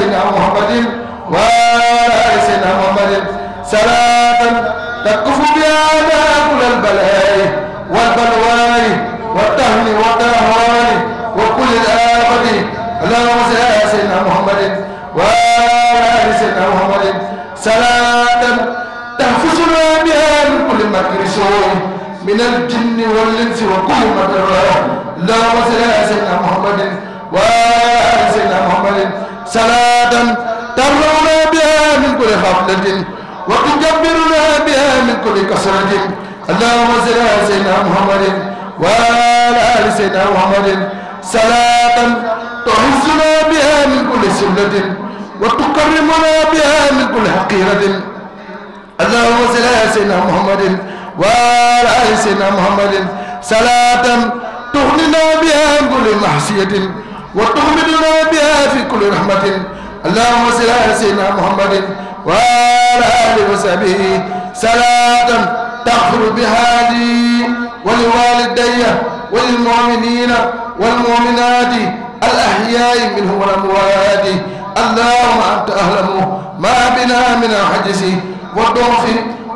سيدنا محمد وآل سيدنا محمد صلاة تكف بها كل البلاء والبلواء والدهن والتهوان وكل الآفات اللهم صل على سيدنا محمد وآل سيدنا محمد صلاة تحفظنا بها من كل مكر سوء من الجن والإنس وكل مكر اللهم صل على سيدنا محمد وآل سيدنا محمد صلاة صلاة بها من كل خفلة وتجبرنا بها من كل كسرة اللهم صل على سيدنا محمد وعلى آل سيدنا محمد صلاة تعزنا بها من كل سبلة وتكرمنا بها من كل حقيرة اللهم صل على سيدنا محمد وعلى آل سيدنا محمد صلاة تغنينا بها من كل محسية وتغمدنا بها في كل رحمة اللهم صل على سيدنا محمد وعلى آله وصحبه صلاة تغفر بها لي ولوالدي وللمؤمنين والمؤمنات الأحياء منهم والأموات اللهم أنت أهلم ما بنا من حجز وضعف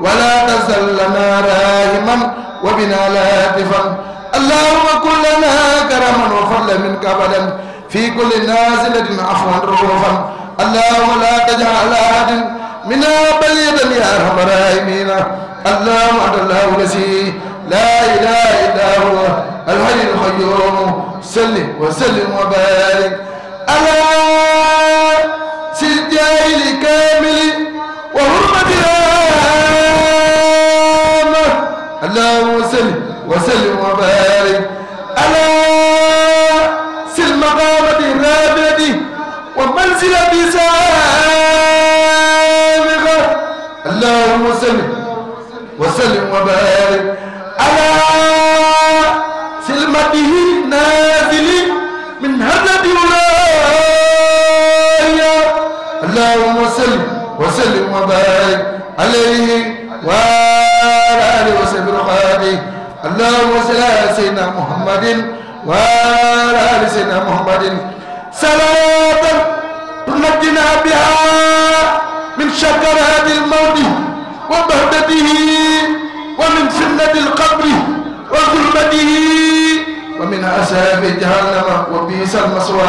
ولا تزل لنا راهما وبنا لاتفا اللهم كن لنا كرما وفضلا منك أبدا في كل نازلة عفوا رؤوفا اللهم لا تجعل أحد منا بليدا يا أرحم الراحمين اللهم عبد الله الذي لا إله إلا هو الحي القيوم سلم وسلم وبارك على سيدنا الكامل وحرمة الهامة اللهم سلم وسلم وبارك منزل بسابقة اللهم صل وسلم وبارك على سلمته نازل من هدد ولايا اللهم صل وسلم وبارك عليه وعلى آله وصحبه وخاله اللهم صل على سيدنا محمد وعلى آل سيدنا محمد صلاة بها من شكر هذا المولد ومهبته ومن سنة القبر وظلمته ومن عذاب جهنم وبئس المصوى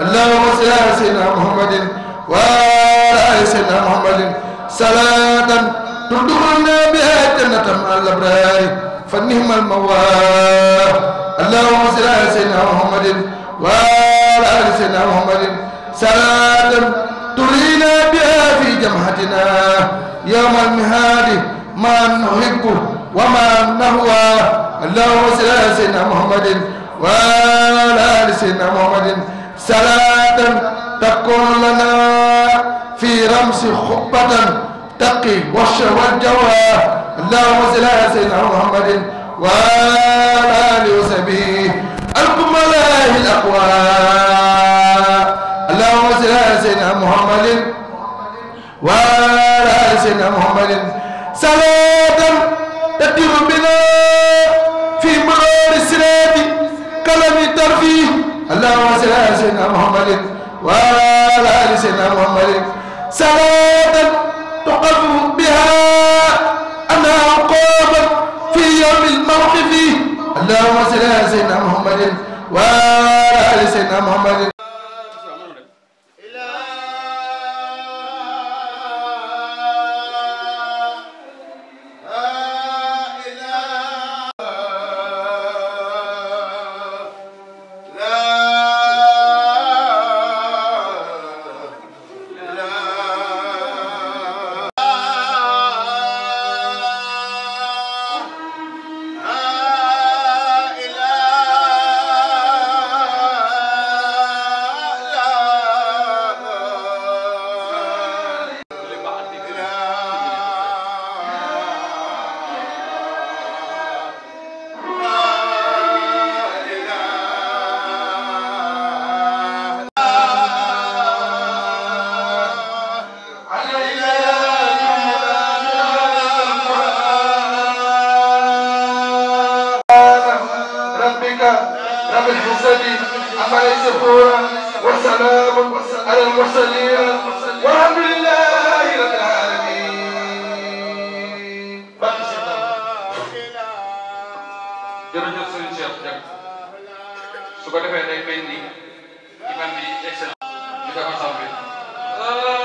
اللهم صل على سيدنا محمد وعلى سيدنا محمد صلاة تدخلنا بها جنة مع الأبرار فنهم المواب اللهم صل على سيدنا محمد وعلى سيدنا محمد سرادا ترينا بها في جمحتنا يوم المهاد ما نحبه وما نهوى اللهم صل على سيدنا محمد وعلى ال سيدنا محمد صلاة تكون لنا في رمس خبة تقي والشر والجوى اللهم صل على سيدنا محمد وعلى ال وصحبه الكم ملاهي الاقوال وعلى سيدنا محمد صلاة تطير بنا في مغار الصراط كلام الترفيه اللهم صل على سيدنا محمد وعلى سيدنا محمد صلاة تقف بها أنها قامت في يوم الموقف اللهم صل على سيدنا محمد وعلى سيدنا محمد jërëjëf sëriñ Cheikh Diagne su ko defee day mel ni imam bi excellent di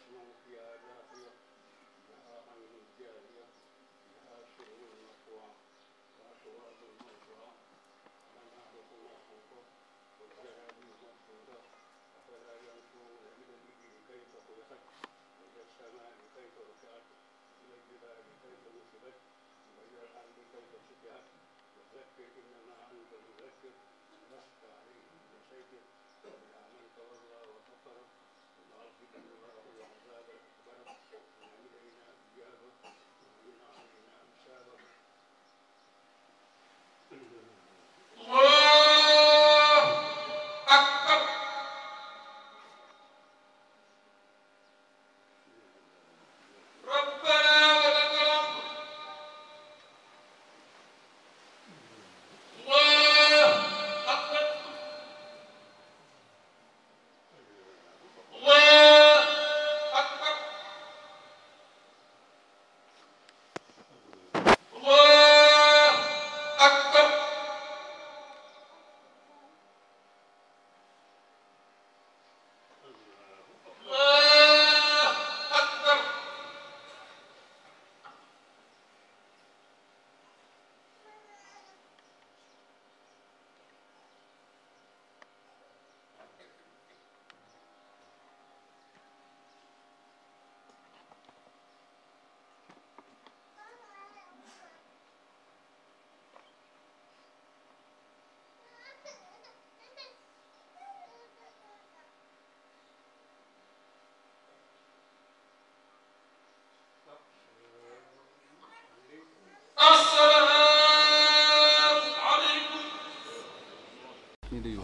أسماء فيها دافية لها عين جارية لها سرور مطوى وأسواب مرضى وأنهار محفوظة والزلابيب مردودة أفلا ينظرون إلى الإبل كيف خلقت وإلى السماء كيف رفعت إلى الجبال كيف نصبت وإلى الأرض كيف سطحت وذكر إنما أنت مذكر لست عليهم بشيء إلا من تولى وكفر وما أرسلت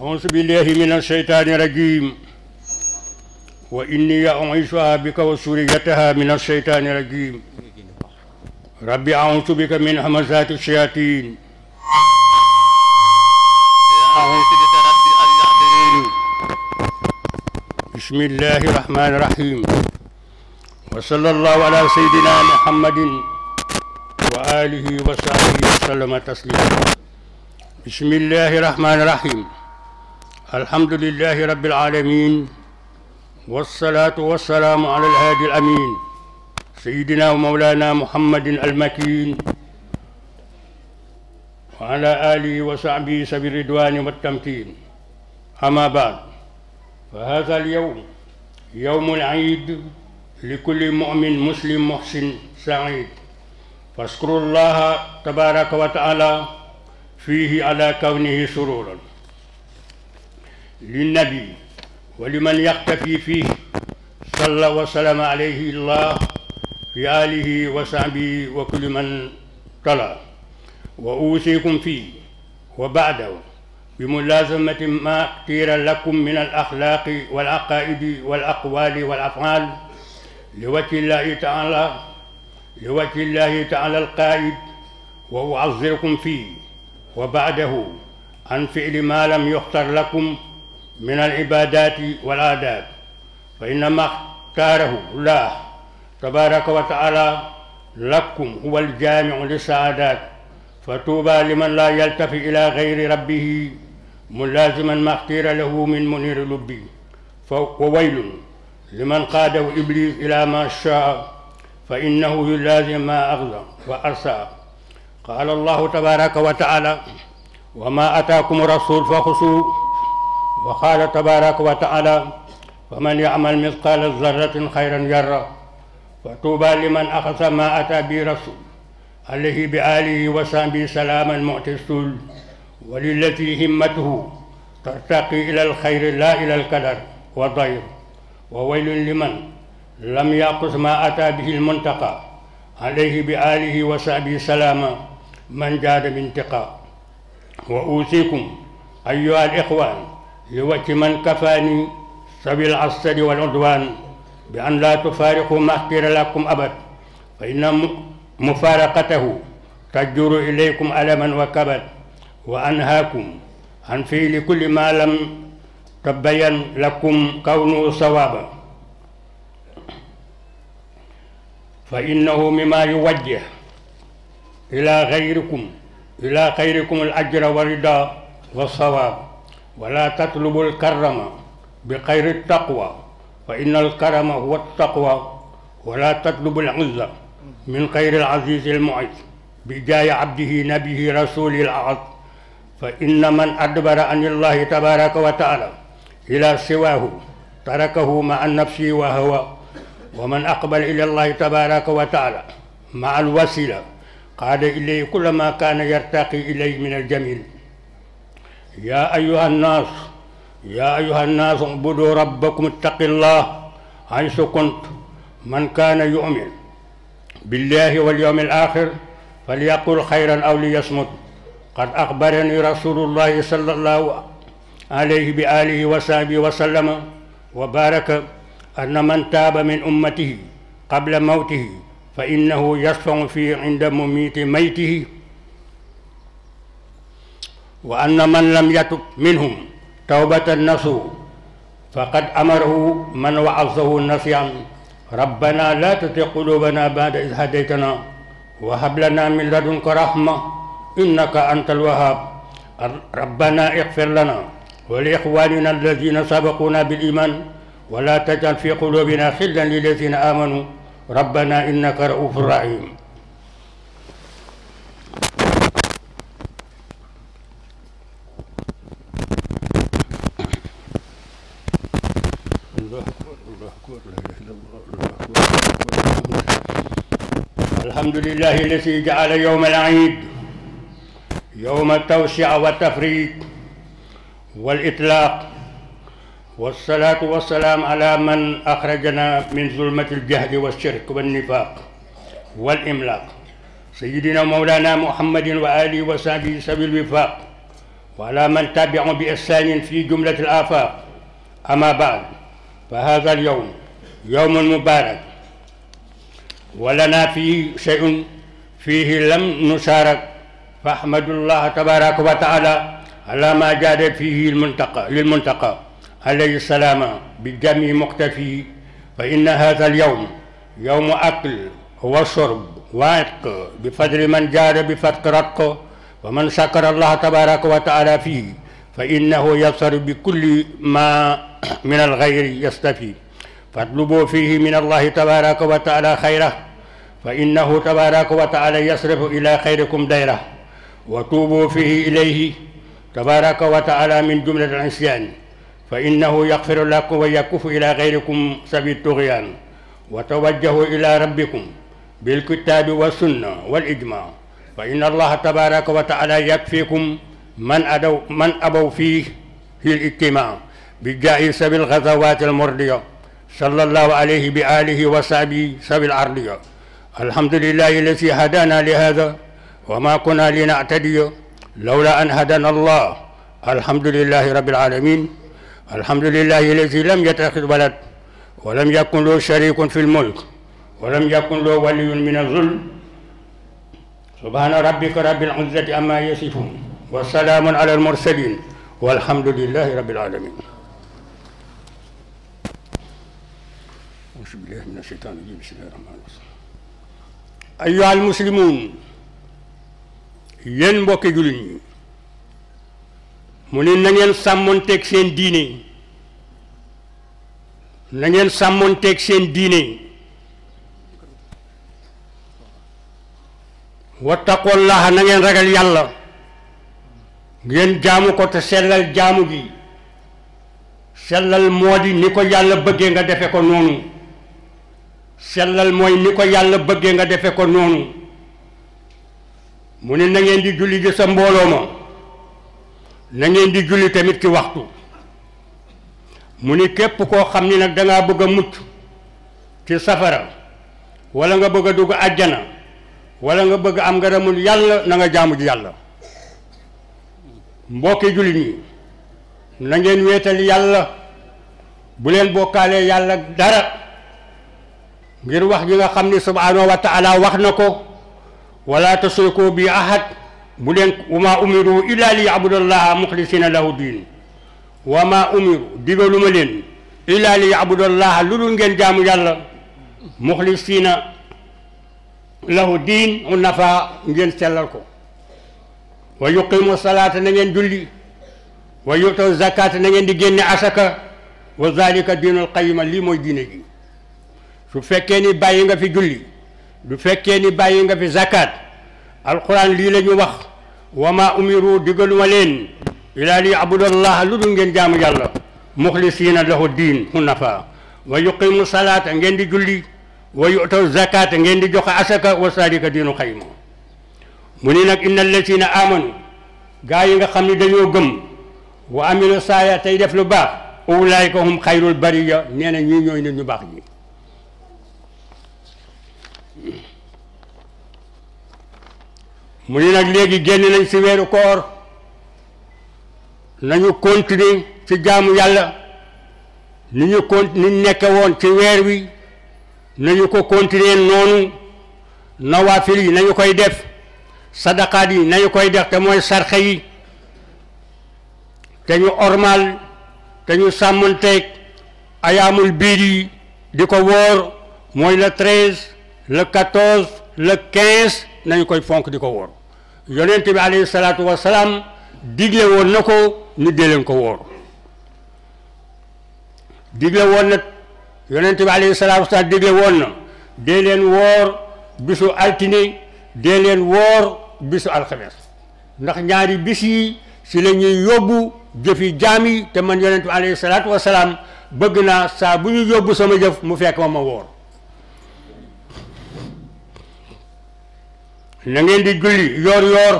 أعوذ بالله من الشيطان الرجيم وإني أعيشها بك وسريتها من الشيطان الرجيم ربي أعوذ بك من همزات الشياطين بسم الله الرحمن الرحيم وصلى الله على سيدنا محمد وآله وصحبه وسلم تسليما بسم الله الرحمن الرحيم الحمد لله رب العالمين والصلاة والسلام على الهادي الأمين سيدنا ومولانا محمد المكين وعلى آله وصحبه سبيل الرضوان والتمكين أما بعد فهذا اليوم يوم العيد لكل مؤمن مسلم محسن سعيد فاذكروا الله تبارك وتعالى فيه على كونه سرورا للنبي ولمن يقتفي فيه صلى وسلم عليه الله في آله وصحبه وكل من طلع وأوصيكم فيه وبعده بملازمة ما اختير لكم من الأخلاق والعقائد والأقوال والأفعال لوجه الله تعالى لوجه الله تعالى القائد وأعذركم فيه وبعده عن فعل ما لم يختر لكم من العبادات والآداب فإنما اختاره الله تبارك وتعالى لكم هو الجامع للسعادات فتوبى لمن لا يلتفي إلى غير ربه ملازما ما اختير له من منير لبي وويل لمن قاده إبليس إلى ما شاء فإنه يلازم ما أغزى وأرسى قال الله تبارك وتعالى وما أتاكم الرسول فخصوه وقال تبارك وتعالى ومن يعمل مثقال ذرة خيرا يرى وطوبى لمن أخذ ما أتى به رسول عليه بآله وصحبه سلاما معتزول وللتي همته ترتقي إلى الخير لا إلى القدر والضير وويل لمن لم يأخذ ما أتى به المنتقى عليه بآله وصحبه سلاما من جاد بانتقاء وأوصيكم أيها الإخوان لوجه من كفاني سبيل العصر والعدوان بأن لا تفارقوا ما اختير لكم أبد فإن مفارقته تجر إليكم ألما وكبد وأنهاكم عن فعل كل ما لم تبين لكم كونه صوابا فإنه مما يوجه إلى غيركم إلى خيركم الأجر والرضا والصواب ولا تطلبوا الكرم بغير التقوى فإن الكرم هو التقوى ولا تطلبوا العزة من غير العزيز المعز بجاي عبده نبيه رسول العظ فإن من أدبر عن الله تبارك وتعالى إلى سواه تركه مع النفس وهوى ومن أقبل إلى الله تبارك وتعالى مع الوسيلة قاد إليه كل ما كان يرتقي إليه من الجميل يا أيها الناس يا أيها الناس اعبدوا ربكم اتق الله حيث كنت من كان يؤمن بالله واليوم الآخر فليقل خيرا أو ليصمت قد أخبرني رسول الله صلى الله عليه بآله وصحبه وسلم وبارك أن من تاب من أمته قبل موته فإنه يشفع في عند مميت ميته وأن من لم يتب منهم توبة نسوا فقد أمره من وعظه نصيا ربنا لا تطيق قلوبنا بعد إذ هديتنا وهب لنا من لدنك رحمة إنك أنت الوهاب ربنا اغفر لنا ولإخواننا الذين سبقونا بالإيمان ولا تجعل في قلوبنا خلا للذين آمنوا ربنا إنك رؤوف رحيم الحمد لله الذي جعل يوم العيد يوم التوسع والتفريق والإطلاق والصلاة والسلام على من أخرجنا من ظلمة الجهل والشرك والنفاق والإملاق سيدنا مولانا محمد وآله وصحبه سبيل الوفاق وعلى من تابع بإحسان في جملة الآفاق أما بعد فهذا اليوم يوم مبارك ولنا فيه شيء فيه لم نشارك فأحمد الله تبارك وتعالى على ما جاد فيه المنتقى للمنتقى عليه السلام بجميع مقتفيه فإن هذا اليوم يوم أكل وشرب وعتق بفضل من جاد بفتق رتق ومن شكر الله تبارك وتعالى فيه فإنه يصر بكل ما من الغير يستفيد فاطلبوا فيه من الله تبارك وتعالى خيره فإنه تبارك وتعالى يصرف إلى خيركم دائرة وتوبوا فيه إليه تبارك وتعالى من جملة العصيان فإنه يغفر لكم ويكف إلى غيركم سبيل الطغيان وتوجهوا إلى ربكم بالكتاب والسنة والإجماع فإن الله تبارك وتعالى يكفيكم من أدو من أبوا فيه في الاجتماع سبيل الغزوات المرضية صلى الله عليه بآله وصحبه سبيل الأرضية الحمد لله الذي هدانا لهذا وما كنا لنعتدي لولا أن هدانا الله الحمد لله رب العالمين الحمد لله الذي لم يتخذ ولد ولم يكن له شريك في الملك ولم يكن له ولي من الظلم سبحان ربك رب العزة أما يصفون والسلام على المرسلين والحمد لله رب العالمين أعوذ بالله من الشيطان الرجيم بسم الله الرحمن الرحيم ayyuhal muslimuun yéen mbokki jullit ñi mu ne na ngeen sàmmonteeg seen diine na ngeen sàmmonteeg seen diine wattaqullaha na nangeen ragal yàlla ngeen jaamu ko te sellal jaamu gi sellal moo di ni ko yàlla bëggee nga defe ko noonu selal moy ni ko yalla beugé nga défé ko noonu mune na ngeen di julli ge sa mbolo mo na ngeen di julli tamit ci waxtu mune kep ko xamni nak da nga bëgg mucc ci safara wala nga bëgg dug aljana wala nga bëgg am ngaramul yalla, na nga jaamu ji yalla mbokki julli ni na ngeen wétal yalla bu len bokalé yalla dara ngir wax gi nga xam ni subhaanahu wa taala wax na ko wala tusriku bi ahad bu leen wa maa umiru illa li yabudallaha muxlisina lahu diin wa maa umiru digaluma leen illa li yabudallaha lu dul ngeen jaamu yàlla muxlisina lahu diin unafa ngeen sellal ko wa yuqimu salaata na ngeen julli wa yuto zakaata na ngeen di génne asaka wa zalika diinul qayima lii mooy diine ji su fekke ni baye nga fi julli du fekke ni baye nga fi zakat alquran li lañu wax wama umiru digaluma leen ila li abdullah lu ngeen jamu yàlla mukhlisina lahu din hunafa wa yuqimu salata ngeen di julli wa yu'tu zakata ngeen di joxe asaka wa sadika dinu khayma muni nak innal ladina amanu gaay nga xamni dañu gëm wa amilu sayata def lu baax ulaayka hum xayrul bariya nee na ñii ne ñu baax ñi mu ni nag léegi génn nañ ci weeru koor nañu continuer ci jaamu yàlla ni ñu con ni nekke woon ci weer wi nañu ko continuer noonu nawaafil yi nañu koy def sadaqaat yi nañu koy def te mooy sarxe yi te ñu ormal te ñu sàmmanteeg ayaamul biir yi di ko wóor mooy la treize le quatorze le quinze nañu koy fonk di ko wóor yonent bi alayhi salaatu wa salaam digle woon na ko ni dee leen ko woor digle woon na yonent bi alayhi salaatu wa salaam digle woon na dee leen wóor bisu altine dee leen woor bisu alxames ndax ñaari bis yi si la ñuy yóbbu jëfi jaam yi te man yonent bi alayhi salaatu wa salaam bëgg naa saa bu ñu yóbbu sama jëf mu fekk ma ma wóor na ngeen di julli yoor yoor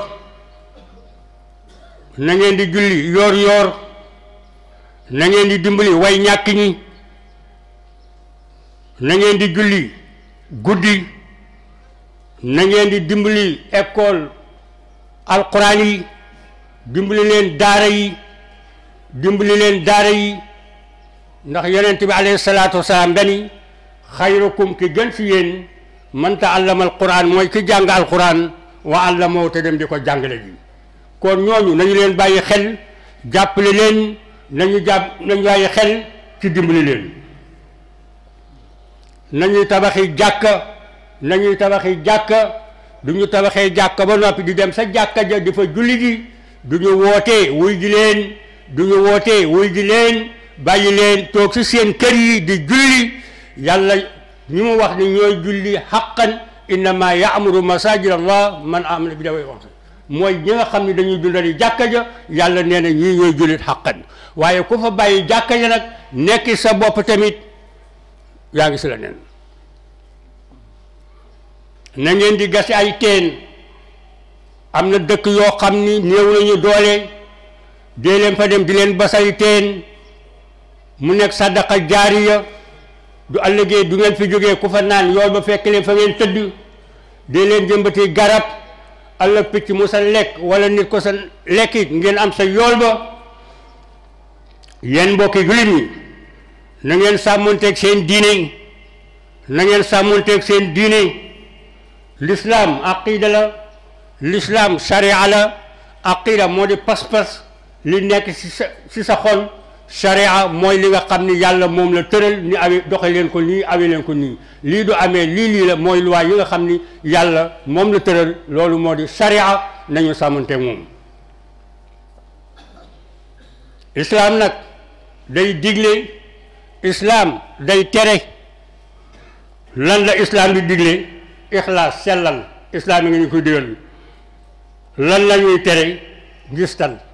na ngeen di julli yoor yoor na ngeen di dimbali way ñàkk ñi na ngeen di julli guddi na ngeen di dimbali école alquran yi dimbali leen daara yi dimbali leen daara yi ndax yonent bi alayhi salaatu wasalaam dani xayrukum ki gën fi yéen man ta'allama alquran mooy ki jàng alquran wa allamahu te dem di ko jàngale ji kon ñooñu nañu leen bàyyi xel jàppale leen nañu jàpp nañu bàyyi xel ci dimbali leen nañuy tabaxi jàkka nañuy tabaxi jàkka du ñu tabaxee jàkka ba noppi di dem sa jàkka ja di fa julli ji du ñu wootee wuy ji leen du ñu wootee wuy ji leen bàyyi leen toog si seen kër yi di julli yàlla ñi mu wax ne ñooy julli xaqan innama yaamuru masajid allah man amana bi daway wax mooy ñi xam ni dañuy dundali jàkka ja yàlla nee na ñii ñooy jullit xaqan waaye ku fa bàyyi jàkka ja nag nekk sa bopp tamit yaa ngi si la nen na ngeen di gasi ay teen am na dëkk yoo xam ni néew nañu doole dee leen fa dem di leen basay teen mu nekk sadaqa jaariya du àllëgee du ngeen fi jógee ku fa naan yool ba fekk leen fa ngeen tëdd dee leen jëmbati garab àll picc mu sa lekk wala nit ko sa lekk ngeen am sa yool ba yéen mbokki jullit ñi na ngeen sàmmonteeg seen diine na ngeen sàmmonteeg seen diine l'islam aqida la l'islam sharia la aqida moo di pas-pas li nekk ci sa ci sa xol sharia mooy li nga xam ni yàlla moom la tëral ni awe doxe leen ko nii awe leen ko nii lii du amee lii lii la mooy luwaay yi nga xam ni yàlla moom la tëral loolu moo di sharia nañu sàmmante moom islaam nag day digle islaam day tere lan la islaam di digle ixlaas sellal islaam yi nga ñu koy digal lan la ñuy tere ngistal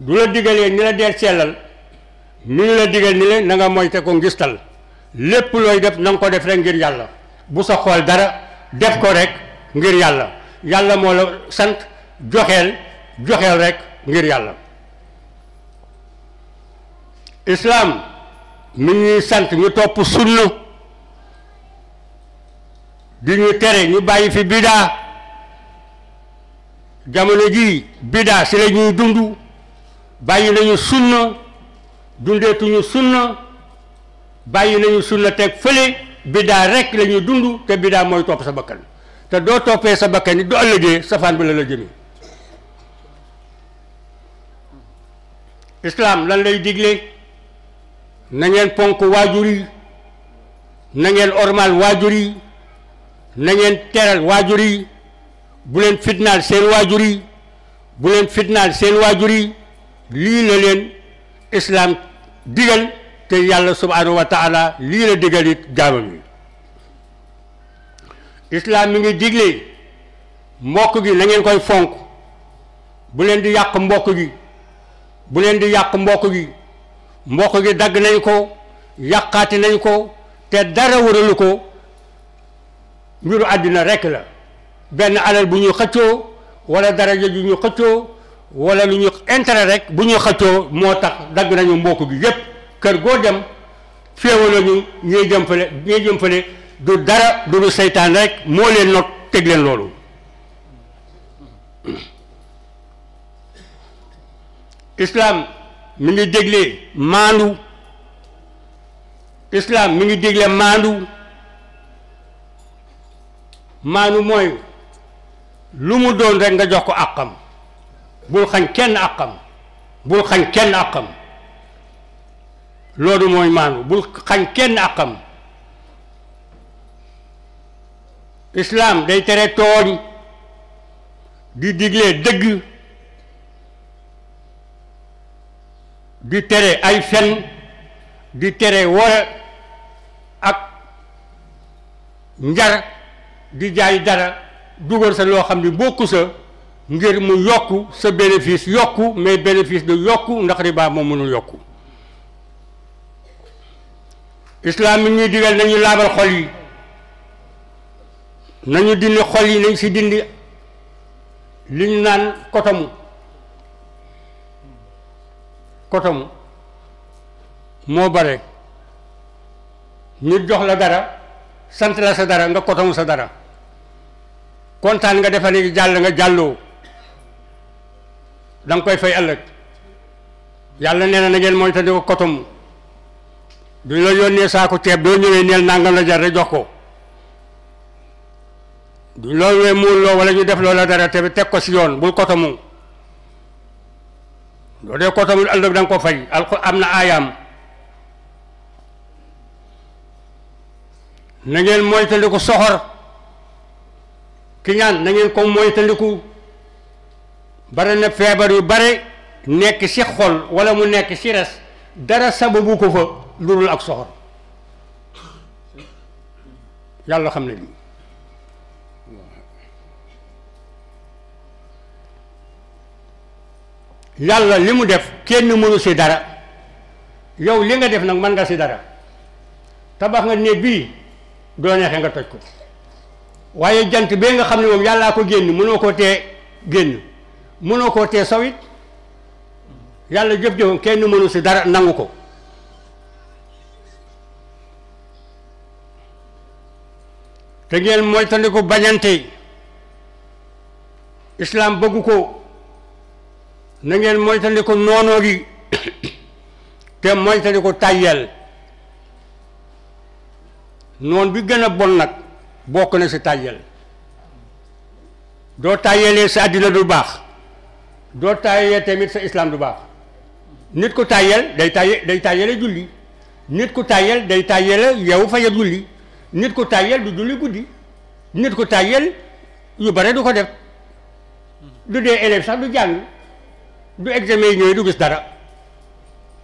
du la digalee ni la deel sellal mi ngi la digal ni la na nga ko ngistal lépp looy def na ko def rek ngir yàlla bu sa xool dara def ko rek ngir yàlla yàlla moo la sant joxeel joxeel rek ngir yàlla islaam mi ñuy sant ñu topp sunna di ñu tere ñu bàyyi fi bidaa jamono ji bidaa si la dund bàyyi nañu sunna dundeetuñu sunna bàyyi nañu sunna teg fële biddaa rek la ñuy dund te biddaa mooy topp sa bakkan te doo toppee sa bakkan yi du ëllëgee safaan bi la la jëmee islaam lan lay digle na ngeen ponk waajur yi na ngeen ormal waajur yi na ngeen teral waajur yi bu leen fitnaal seen waajur yi bu leen fitnaal seen waajur yi lii la leen islaam digal te yàlla subhanahu wa taala lii la digal jaamam yi islaam mi ngi digle mbokk gi na koy fonk bu leen di yàq mbokk gi bu leen di yàq mbokk gi mbokk gi dagg nañ ko yàqaati nañ ko te dara waralu ko mbiru àddina rekk la benn alal bu ñuy xëccoo wala daraja ju ñuy xëccoo wala lu ñu intérêt rek bu ñu xëccoo moo tax dagg nañu mbokk gi yépp kër goo dem féewala ñu ñuy jëm ñuy jëm du dara du du seytaan rek moo leen not teg leen loolu islaam mu ngi dégle maandu islaam mi ngi dégle maandu maandu mooy lu mu doon rek nga jox ko àqam bul xañ kenn àqam bul xañ kenn àqam loolu mooy maandu bul xañ kenn àqam islaam day tere tooñ di digle dëgg di tere ay fen di tere wara ak njar di jaay dara dugal sa loo xam ni bokku sa ngir mu yokk sa bénéfice yokk mais bénéfice du yokku ndax riba moom mënul yokku islaam mi ñuy digal nañu laabal xol yi nañu dindi xol yi nañ si dindi li ñu naan kotamu kotamu moo bare ñu jox la dara sant la sa dara nga kotamu sa dara kontaan nga defa ne jàll nga jàlloo danga koy fay ëllëg yàlla nee na na ngeen mooy te di ko kotom duñ la yónnee saako ceeb doo ñëwee neel nangam la jar rek jox ko duñ la ñëwee muul loo wala ñu def loola dara te teg ko si yoon bul kotomu doo dee kotomu ëllëg da ko fay al am na aayaam na ngeen moytandiku soxor ki ñaan na ngeen ko moytandiku bari na feebar yu bare nekk ci xol walla mu nekk ci res dara sababu ko fa lu dul ak soxor yàlla xam ne lii yàlla li mu def kenn mënu ci dara yow li nga def nag mën nga ci dara tabax nga ne bii doo neexee nga toj ko waaye jant bee nga xam ne moom yàllaa ko génn mënoo ko tee génn mënoo koo tee sawit yàlla jëf-jëfam kenn mënu si dara nangu ko te ngeen moytandiku bañante islam bëggu ko na ngeen moytandiku noonoo gi te moytandiku tàyyel noon bi gën a bon nag bokk na si tàyyel doo tàyyelee sa àddina du baax doo taayee tamit sa islam du baax nit ku taayel day taaye day taayele julli nit ku taayel day taayele yeewu fajar julli nit ku taayel du julli guddi nit ku taayel yu bare du ko def du dee élève sax du jàng du examen yi ñooy du gis dara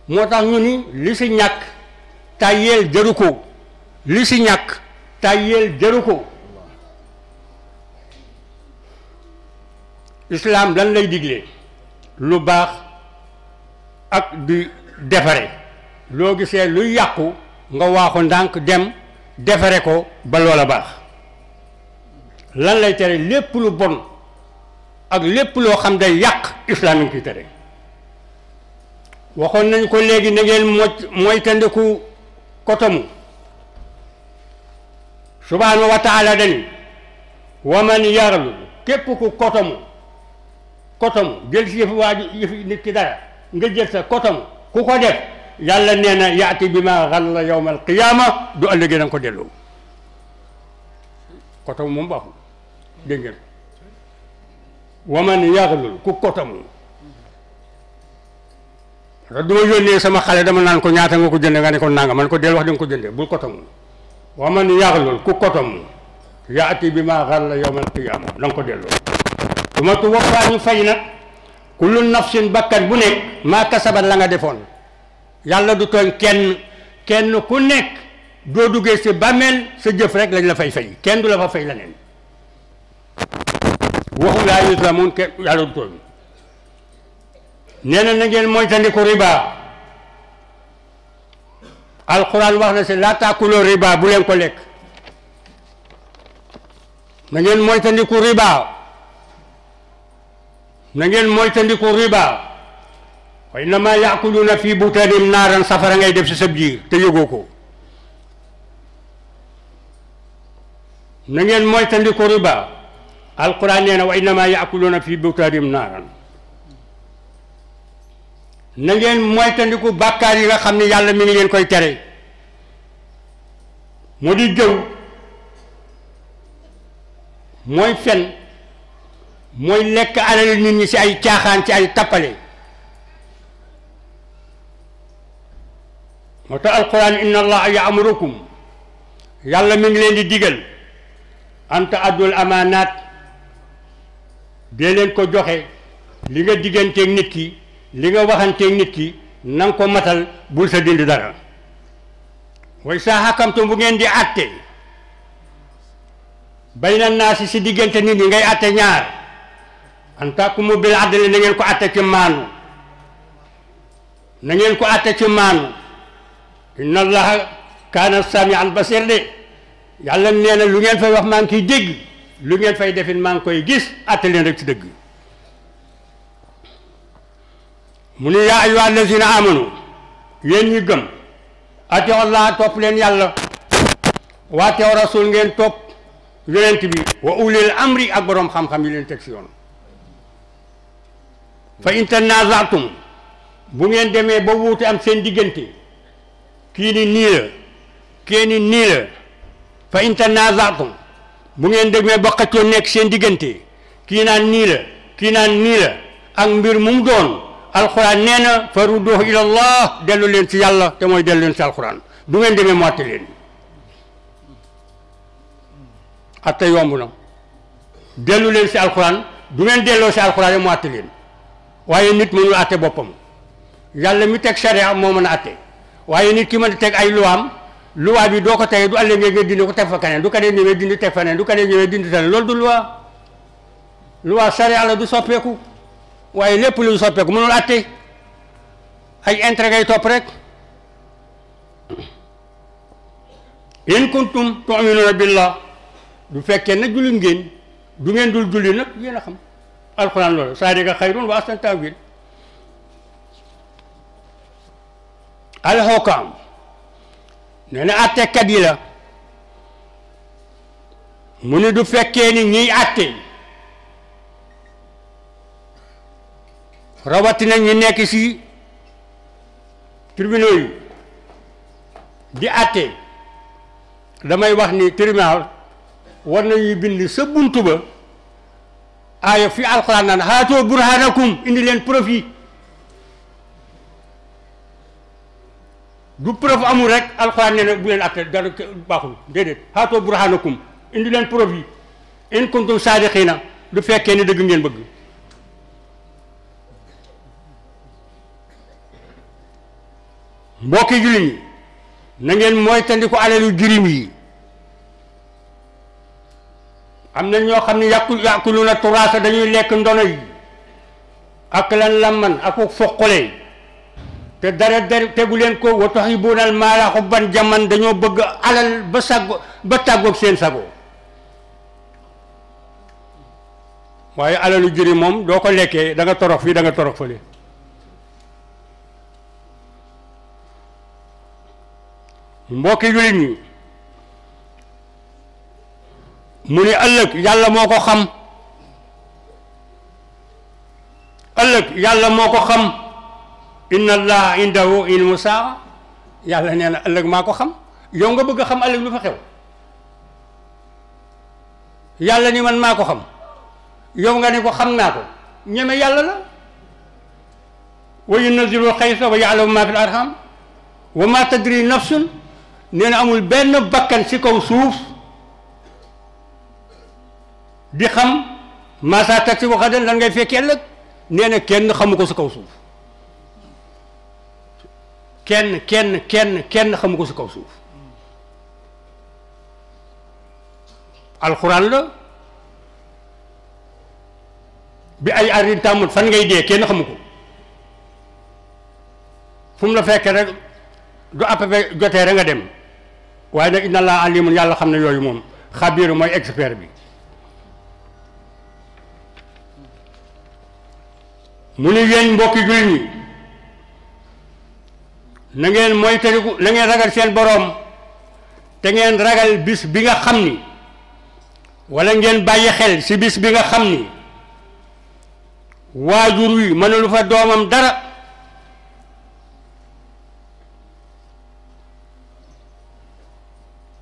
moo tax ñu ni li si ñàkk taayel jëru ko li si ñàkk taayel jëru ko islaam lan lay diglee lu baax ak du defare loo gisee luy yàqu nga waaxu ndànk dem defare ko ba loola baax lan lay tere lépp lu bon ak lépp loo xam day yàq islaam tere waxoon nañ ko léegi na ngeen moj moytandiku kotomu subhaanahu wa taala dani waman yarlu képp ku kotomu kotom jël si yëfu waa ji yëfi nit ki dara nga jël sa kotom ku ko def yàlla nee na yaati bi ma xalla yawma alqiyaama du ëllëgee da nga ko delloo kotom moom baaxul dégg ngeen ko waman yaxlul ku kotomu te du ma yónnee sama xale dama naan ko ñaata nga ko jënde nga ne ko nanga man ko del wax da nga ko jënde bul kotomu waman yaxlul ku kotomu yaati bi ma xalla yawma alqiyaama da nga ko delloo su ma tuwaffaa ñu fay nag kullu nafsin bakkan bu nekk maa kasabat la nga defoon yàlla du tooñ kenn kenn ku nekk doo duggee si bàmmeel sa jëf rek lañ la fay fay kenn du la fa fay leneen waxum laa yuslamuun kenn yàlla du tooñ nee na na ngeen moytandiku riba alquran wax na si laa taakuloo riba bu leen ko lekk na ngeen moytandiku riba na ngeen moytandiku riba wa innama yaakuluna fi butanim naaran safara ngay def si sab jiir te yëgoo ko na ngeen moytandiku riba alquran nee na wa innama yaakuluna fi butanim naaran na ngeen moytandiku bàkkaar yi nga xam ne yàlla mi ngi leen koy tere moo di jëw mooy fen mooy lekk alal nit ñi ci ay caaxaan ci ay tappale moo tax alquran inna allaha yaamurukum yàlla mi ngi leen di digal anta addul amaanaat dee leen ko joxe li nga digganteeg nit ki li nga waxanteeg nit ki na nga ko matal bul sa dindi dara way saa xakamtum bu ngeen di àtte bay na naa si si diggante nit ñi ngay àtte ñaar an takumu bil adli na ngeen ko atte ci maanu na ngeen ko atte ci maanu inna allaha kaana samian basir de yàlla nee lu ngeen fay wax maa ngi kiy dégg lu ngeen fay defin maa ngi koy gis atte leen rek ci dëgg mu ne yaa ayyuha allazina amanu yéen allah topp leen yàlla waateo rasul ngeen topp yonent bi wa ulil amri ak boroom xam-xam yi leen teg si yoon fa in tanaazatum bu ngeen demee ba wuute am seen diggante kii ni nii la kii ni nii la fa in tanaazatum bu ngeen demee ba xëccoo nekk seen diggante kii naan nii la kii naan nii la ak mbir mu mu doon alxuraan nee na farudduhu ilallah dellu leen ci yàlla te mooy dellu leen si alxuraan du ngeen demee mu àtte leen àtte yomb na dellu leen si alxuraan du ngeen delloo si alxuraan mu àtte leen waaye nit mënul àtte boppam yàlla mi teg charia moo mën a àtte waaye nit ki mën a teg ay luwaam luwaa bi doo ko tege du àll nga dindi ko teg fa keneen du ko dee ñëwee dindi teg feneen du ko dee ñëwee dindi feneen loolu du luwaa luwaa charia la du soppeeku waaye lépp lu soppeeku mënul àtte ay intérêt ngay topp rek in kuntum tu'minuna billah du fekkee na jullit ngeen du ngeen dul julli nag yéen a xam alxuraan loolu zaalika xayrun wa ahsanu ta'wiil alxokaam nee na attekat yi la mu ni du fekkee ni ñiy atte rawatina ñi nekk si tribunaux yi di atte damay wax ni tribunal war na nañuy bind sa buntu ba آية في القرآن هاتوا برهانكم إن لين بروفي دو بروف أمو رك القرآن نانا بولين أكتر دار باخو ديدت هاتوا برهانكم إن لين بروفي إن كنتم صادقين دو فاكين دو جميل بغي موكي جلين نانجين مويتان ديكو على الجريمي am na ñoo xam ne yàqu yàqulu na turaasa dañuy lekk ndono yi ak lan lamman ak foqale te dara dara tegu leen ko wa tuhibbuuna al-maala hubban jamman dañoo bëgg alal ba sago ba tàggoog seen sago waaye alalu jëri moom doo ko lekkee da nga torox fii danga nga torox fële mbokki jullit ñi مني ألك يالله ما كخم ألك يالله ما كخم إن الله عنده علم الساعة يالله نيانا ألك ما كخم يونغ بوغ خم ألك لو فخيو يالله ني من ما كخم يونغ ني كو خم ناكو نيما يالله لا وينزل الخيس ويعلم ما في الأرحام وما تدري نفس نين أمول بين بكن سيكو سوف بخم ما ساتتي وغدا لان غي فيك يلك نينا كين خمكو سكو سوف كين كين كين كين خمكو سكو سوف القران لا باي ارين تامل فان غي دي كين خمكو فم لا فيك رك دو ابي جوتي رغا ديم واي نك ان الله عليم يالا خمنا يوي موم خبير موي اكسبير بي mu ñu yéen mbokk jul ñi na ngeen moytandiku na ngeen ragal seen borom te ngeen ragal bis bi nga xam ni wala ngeen bàyyi xel si bis bi nga xam ni waajur wi mënulu fa doomam dara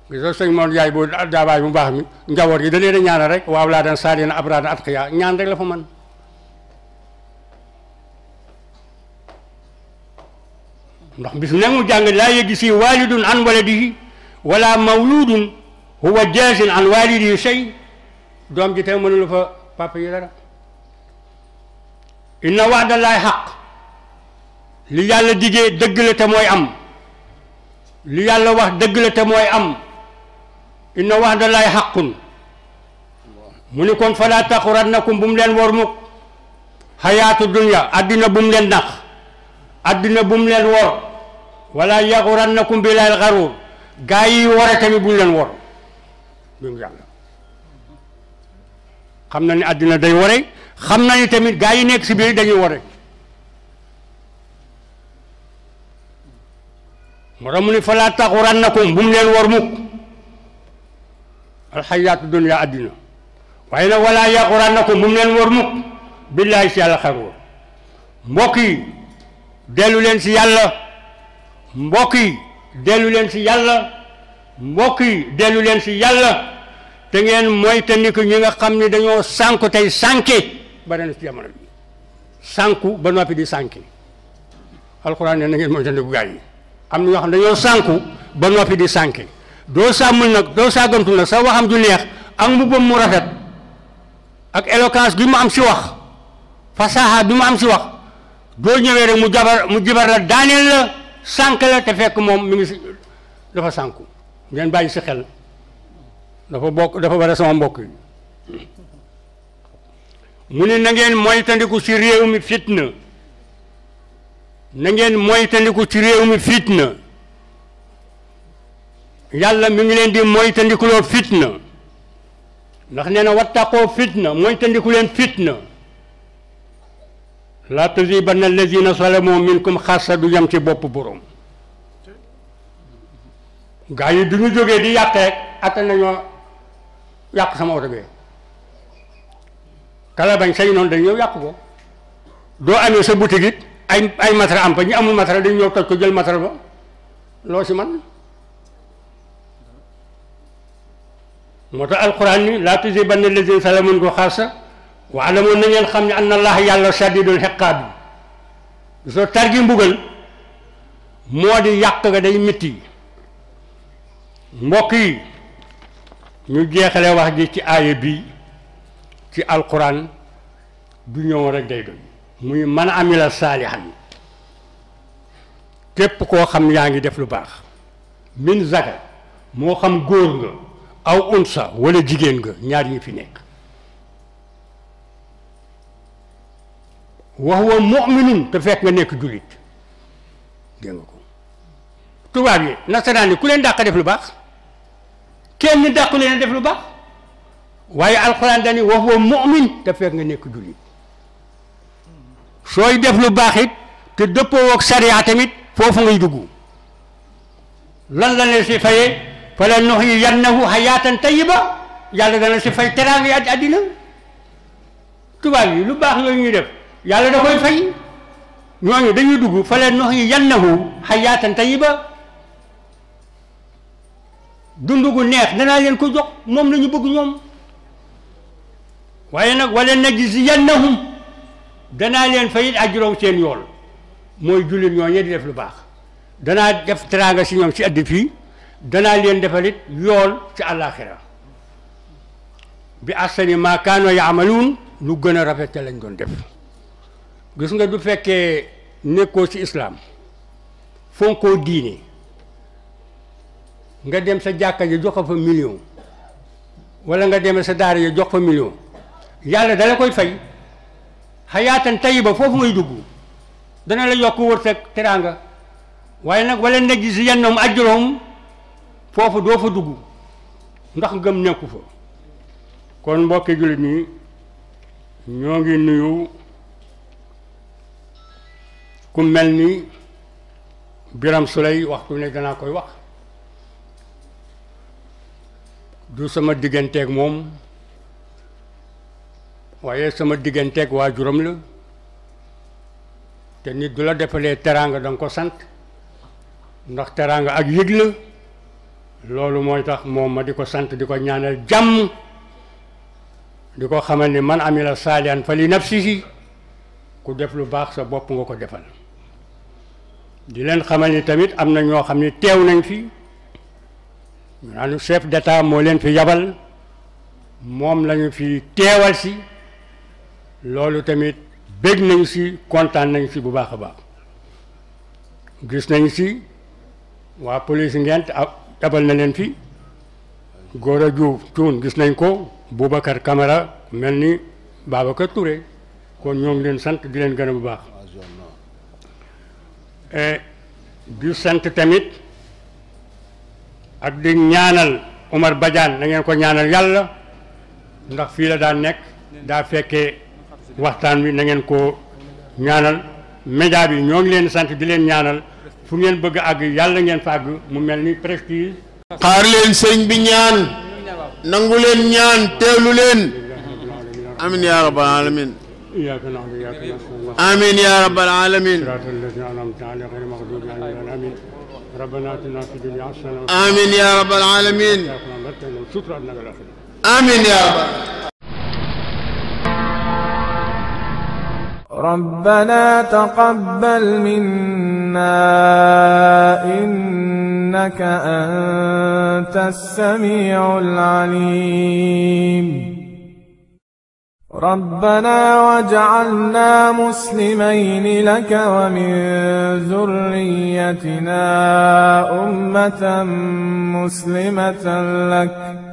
gisoo sëñ moon yaay boo daabaay bu baax mi njaboot yi da leen a ñaanal rek waaw laa dan saadina abradan atqiya ñaan rek la fa man ndax bis nag jàng la yëgg si waalidun an waladihi wala mawludun huwa jazin an waalidihi shay dom ji tay mënula fa papa yi dara inna wa'da waadallaay haqq li yàlla digee deug la te moy am li yàlla wax deug la te moy am inna wa'da xaqun haqqun muni kon fala taxurannakum bum len wormuk hayatud dunya adina bum len leen adduna bu mu leen wor wala yaxurannakum billaahil xaruur gaa yi wore tamit bu ñu leen wor mbirum yàlla xam na ni adduna day wore xam na ni tamit gaa yi nekk si bi dañuy wore moo tax mu ni falaa taxurannakum bu mu leen wor mukk alxayaatu dunya adduna waaye nag wala yaxurannakum bu mu leen wor mukk billaahi si yàlla xaruur mbokk yi dellu leen si yàlla mbokk yi dellu yalla si yàlla mbokk yi dellu leen si yàlla te ngeen moytandiku ñi nga xamni dañoo sanku tay sanké ba dañu ci jamono sanku ba nopi di sanké alquran ne mo ngeen bu gaay am ñu xam dañoo sanku ba nopi di sànke doo sàmmul nag doo sàggantul nak sa waxam ju neex ak mbubbam mu rafet ak eloquence bi mu am ci wax fasaha bi mu am ci wax boo ñëwee rek mu jabar mu jibar la daaneel la sànq la te fekk moom mu ngi si dafa sànku ngeen bàyyi si xel dafa bokk dafa bare sama mbokk yi mu ne na ngeen moytandiku si réew mi fitna na ngeen moytandiku ci réew mi fitna yàlla mi ngi leen di moytandikuloo fitna ndax nee na wattaqoo fitna moytandiku leen fitna laa tusibanna allazina salamu minkum xassa du yem ci bopp borom gaa yi du ñu jógee di yàq rek attan nañoo yàq sama oto bi kala bañ say noonu dañ ñëw yàq ko doo amee sa boutique it ay ay matériel am fa ñu amul matériel dañ ñëw toj ko jël matériel ba loo si man moo tax alquran ni laa tusibanna allazina salamu minkum xassa waalamoon na ngeen xam ne anna allah yàlla sadidul xiqaab bi soo targi mbugal moo di yàq nga day métti mbokk yi ñu jeexale wax ji ci aaya bi ci alquran du ñëw rek day doy muy man amila saalihan képp koo xam yaa ngi def lu baax min zakat moo xam góor nga aw unsa wala jigéen nga ñaar ñu fi nekk وهو مؤمن تفك من نيك جوليت دينكو توباب يي نصراني كولين داك ديف لو باخ كين داك لين ديف لو باخ القران داني وهو مؤمن تفك من نيك شوي ديف لو باخيت تي ديبو وك شريعه تاميت فوفو غي دغو لان لا نسي فلا نحي ينه حياه طيبه يالا دا نسي فاي تران يا ادينا yàlla da koy fay ñooñu dañuy dugg fa leen nox yi yannahu xayaatan tayiba dund gu neex danaa leen ko jox moom la ñu bëgg ñoom waaye nag wala najziyannahum danaa leen fay ajrow seen yool mooy jullit ñooñee di def lu baax danaa def teraanga si ñoom si addi fii danaa leen defalit yool ci àllaaxira bi ahsani maa kaanoo yaamaluun lu gën a rafet lañ doon def gis nga du fekkee nekkoo ci islaam fonkoo diine nga dem sa jàkka ji jox ko fa million wala nga dem sa daara ji jox fa million yàlla dala koy fay xayaatan tayiba foofu ngay dugg dana la yokk wërsëg teraanga waaye nag wala najziyannahum ajrahum foofu doo fa dugg ndax ngëm nekku fa kon mbokki jullit ñi ñoo ngi nuyu ku melni ni biram suley waxtu ne dana koy wax du sama ak mom waye sama ak wajuram la te nit dula la teranga dang ko sant ndax teranga ak yegle lolou moy tax mom ma di sant di ko ñaanal jam, di ko xamal ni man amila salian fali nafsihi ku def lu bax sa bop nga ko defal di leen xamal ni tamit am na ñoo xam ni teew nañ fi ñu naan chef d'état moo leen fi yabal moom lañu fi teewal si loolu tamit bég nañ si kontaan nañ si bu baax a baax gis nañ si waa police ngeent ak ah, yabal na leen fi Gora Diouf Thioune gis nañ ko Boubacar Camara mel ni Babacar Touré kon ñoo ngi leen sant di leen gën a bu baax Eh, di sante tamit ak di ñaanal Omar Badian da ngeen ko ñaanal Yalla ndax fi la da nek da fekke waxtaan wi da ngeen ko ñaanal média bi ñoo ngi leen sante di leen ñaanal fu ngeen bëgg ag Yalla ngeen fa àgg mu melni prestige xaar leen señ bi ñaan nangu leen ñaan teelu leen amin ya rabbal alamin إياك نعبد آمين يا رب العالمين صراط الذين أنعمت عليهم غير المغضوب عليهم آمين ربنا آتنا في الدنيا حسنة آمين يا رب العالمين آمين يا رب ربنا تقبل منا إنك أنت السميع العليم ربنا وجعلنا مسلمين لك ومن ذريتنا أمة مسلمة لك